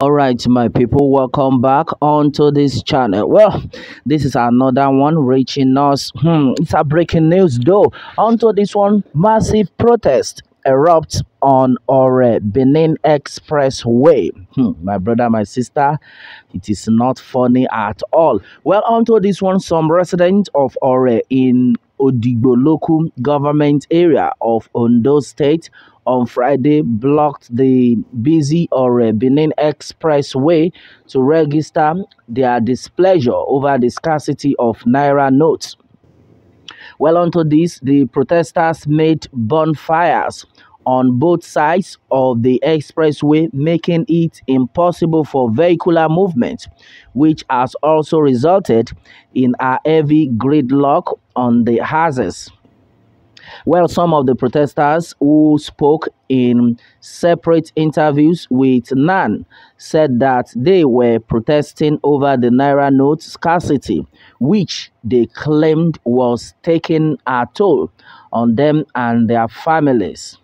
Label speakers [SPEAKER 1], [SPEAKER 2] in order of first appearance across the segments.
[SPEAKER 1] all right my people welcome back onto this channel well this is another one reaching us hmm, it's a breaking news though onto this one massive protest erupts on Ore Benin Expressway. Hmm, my brother, my sister, it is not funny at all. Well, onto this one, some residents of Ore in Odigbo local government area of Ondo State on Friday blocked the busy or Benin Expressway to register their displeasure over the scarcity of Naira notes. Well, onto this, the protesters made bonfires on both sides of the expressway, making it impossible for vehicular movement, which has also resulted in a heavy gridlock on the houses. Well, some of the protesters who spoke in separate interviews with NAN said that they were protesting over the Naira note scarcity, which they claimed was taking a toll on them and their families.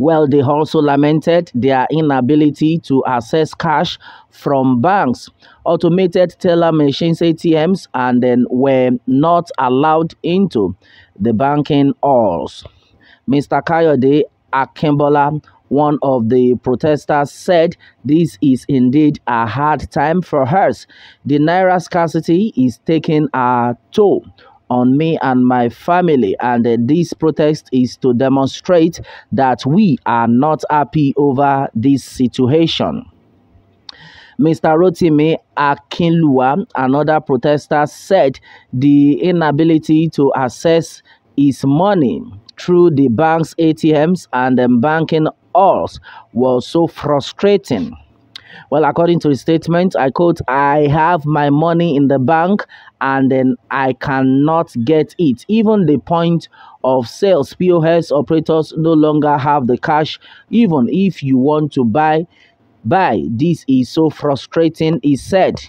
[SPEAKER 1] Well, they also lamented their inability to access cash from banks. Automated teller machines, ATMs, and then were not allowed into the banking halls. Mr. Kayode Akimbola one of the protesters said, This is indeed a hard time for us. The Naira scarcity is taking a toll on me and my family. And uh, this protest is to demonstrate that we are not happy over this situation. Mr. Rotimi Akinlua, another protester, said the inability to access his money through the bank's ATMs and the um, banking halls was so frustrating. Well, according to his statement, I quote, I have my money in the bank and then I cannot get it. Even the point of sales, POS operators no longer have the cash, even if you want to buy. Buy. This is so frustrating, he said.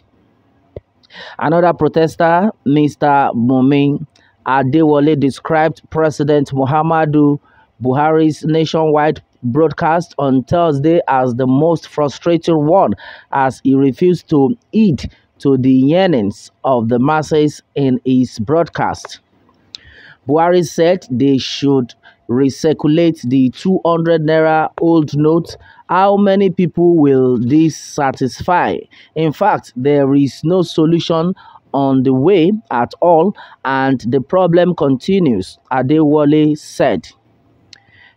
[SPEAKER 1] Another protester, Mr. Mumin Adewale, described President Muhammadu Buhari's nationwide broadcast on Thursday as the most frustrating one as he refused to heed to the yearnings of the masses in his broadcast. Buhari said they should recirculate the 200 naira old note. How many people will this satisfy? In fact, there is no solution on the way at all and the problem continues, Adewale said.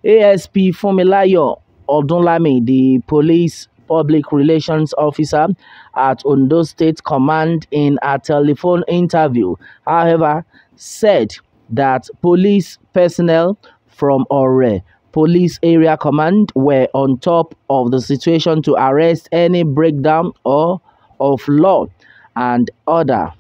[SPEAKER 1] ASP Funmilayo Odunlami, the police public relations officer at Ondo State Command in a telephone interview, however, said that police personnel from Ore Police Area Command were on top of the situation to arrest any breakdown or of law and order.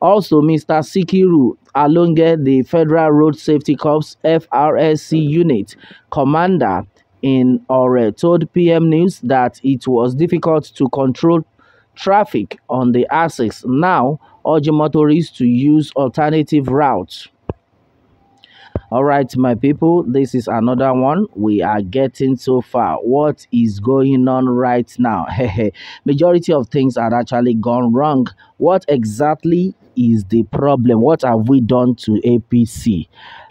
[SPEAKER 1] Also, Mr. Sikiru Alunge, the Federal Road Safety Corps FRSC unit commander in Ore, told PM News that it was difficult to control traffic on the axis, now urging motorists to use alternative routes. All right, my people, this is another one. We are getting so far. What is going on right now? Majority of things are actually gone wrong. What exactly is the problem? What have we done to APC?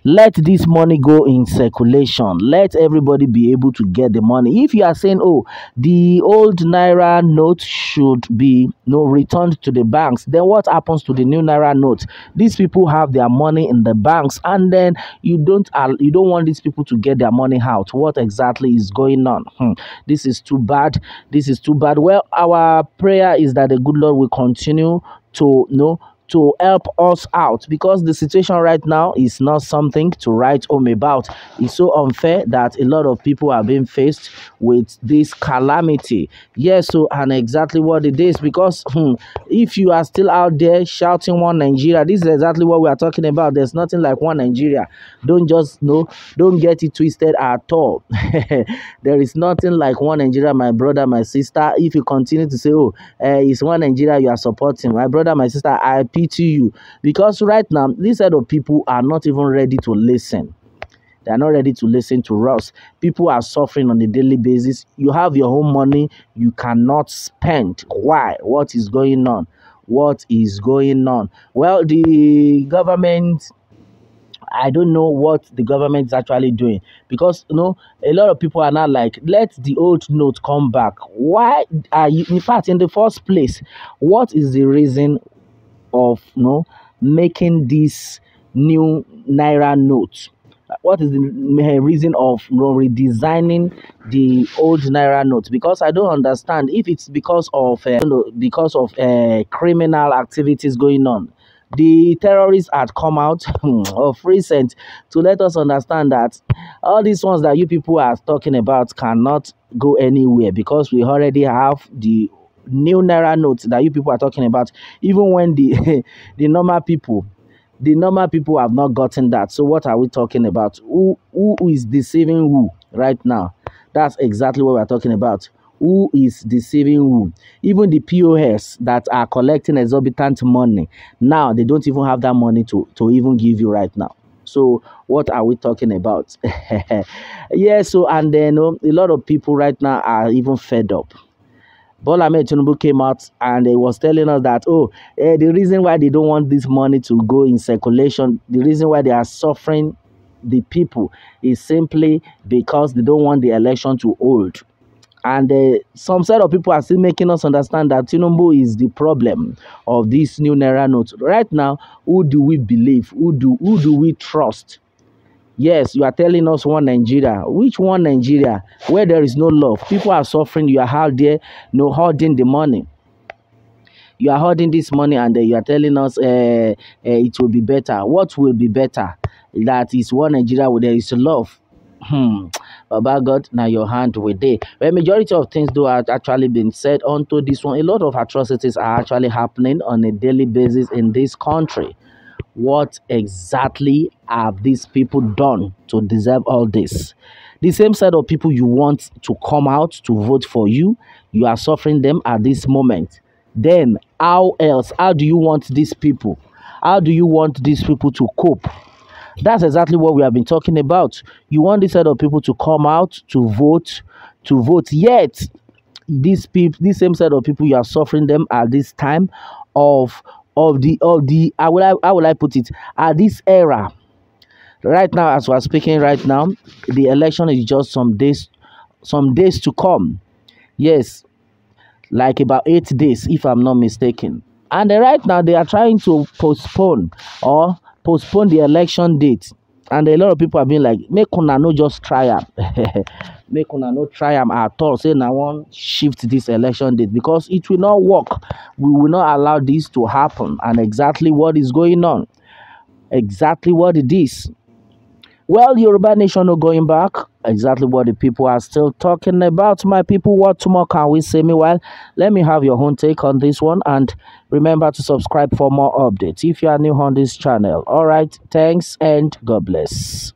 [SPEAKER 1] Let this money go in circulation. Let everybody be able to get the money. If you are saying, oh, the old Naira note should be you no know, returned to the banks, then what happens to the new Naira note? These people have their money in the banks and then you don't you don't want these people to get their money out. What exactly is going on? Hmm. This is too bad. This is too bad. Well, our prayer is that the good Lord will continue to you know to help us out because the situation right now is not something to write home about. It's so unfair that a lot of people are being faced with this calamity. Yes, so and exactly what it is because hmm, if you are still out there shouting one Nigeria, this is exactly what we are talking about. There's nothing like one Nigeria. Don't just know, don't get it twisted at all. there is nothing like one Nigeria, my brother, my sister. If you continue to say, oh, uh, it's one Nigeria you are supporting, my brother, my sister, I Pity you, because right now this set of people are not even ready to listen they are not ready to listen to us people are suffering on a daily basis you have your own money you cannot spend why what is going on what is going on well the government I don't know what the government is actually doing because you know a lot of people are not like let the old note come back. Why are you in fact in the first place? What is the reason of you know, making this new naira note? What is the reason of redesigning the old naira note? Because I don't understand if it's because of uh, you know, because of uh, criminal activities going on. The terrorists had come out of recent to let us understand that all these ones that you people are talking about cannot go anywhere because we already have the new naira notes that you people are talking about even when the the normal people the normal people have not gotten that so what are we talking about who who is deceiving who right now that's exactly what we're talking about who is deceiving who even the pos that are collecting exorbitant money now they don't even have that money to to even give you right now so what are we talking about yeah so and then oh, a lot of people right now are even fed up Bola Tinubu came out and he was telling us that, oh, eh, the reason why they don't want this money to go in circulation, the reason why they are suffering the people is simply because they don't want the election to hold. And uh, some set of people are still making us understand that Tinubu is the problem of this new Naira note. Right now, who do we believe? Who do, who do we trust? Yes, you are telling us one Nigeria. Which one Nigeria? Where there is no love. People are suffering. You are out there, no holding the money. You are holding this money and you are telling us uh, uh, it will be better. What will be better? That is one Nigeria where there is love. Hmm. Baba God, now your hand with it. The majority of things do actually been said onto this one. A lot of atrocities are actually happening on a daily basis in this country. What exactly have these people done to deserve all this? The same set of people you want to come out to vote for you, you are suffering them at this moment. Then, how else? How do you want these people? How do you want these people to cope? That's exactly what we have been talking about. You want this set of people to come out to vote, to vote. Yet, these people, this same set of people, you are suffering them at this time of of the of the how will I how will I put it at this era right now as we're speaking right now the election is just some days some days to come yes like about eight days if i'm not mistaken and right now they are trying to postpone or postpone the election date and a lot of people have been like make una no just try am make una no try am at all say now one shift this election date because it will not work we will not allow this to happen. And exactly what is going on. Exactly what it is. Well, Yoruba Nation are going back. Exactly what the people are still talking about. My people, what more can we say? Meanwhile, let me have your own take on this one. And remember to subscribe for more updates if you are new on this channel. All right. Thanks and God bless.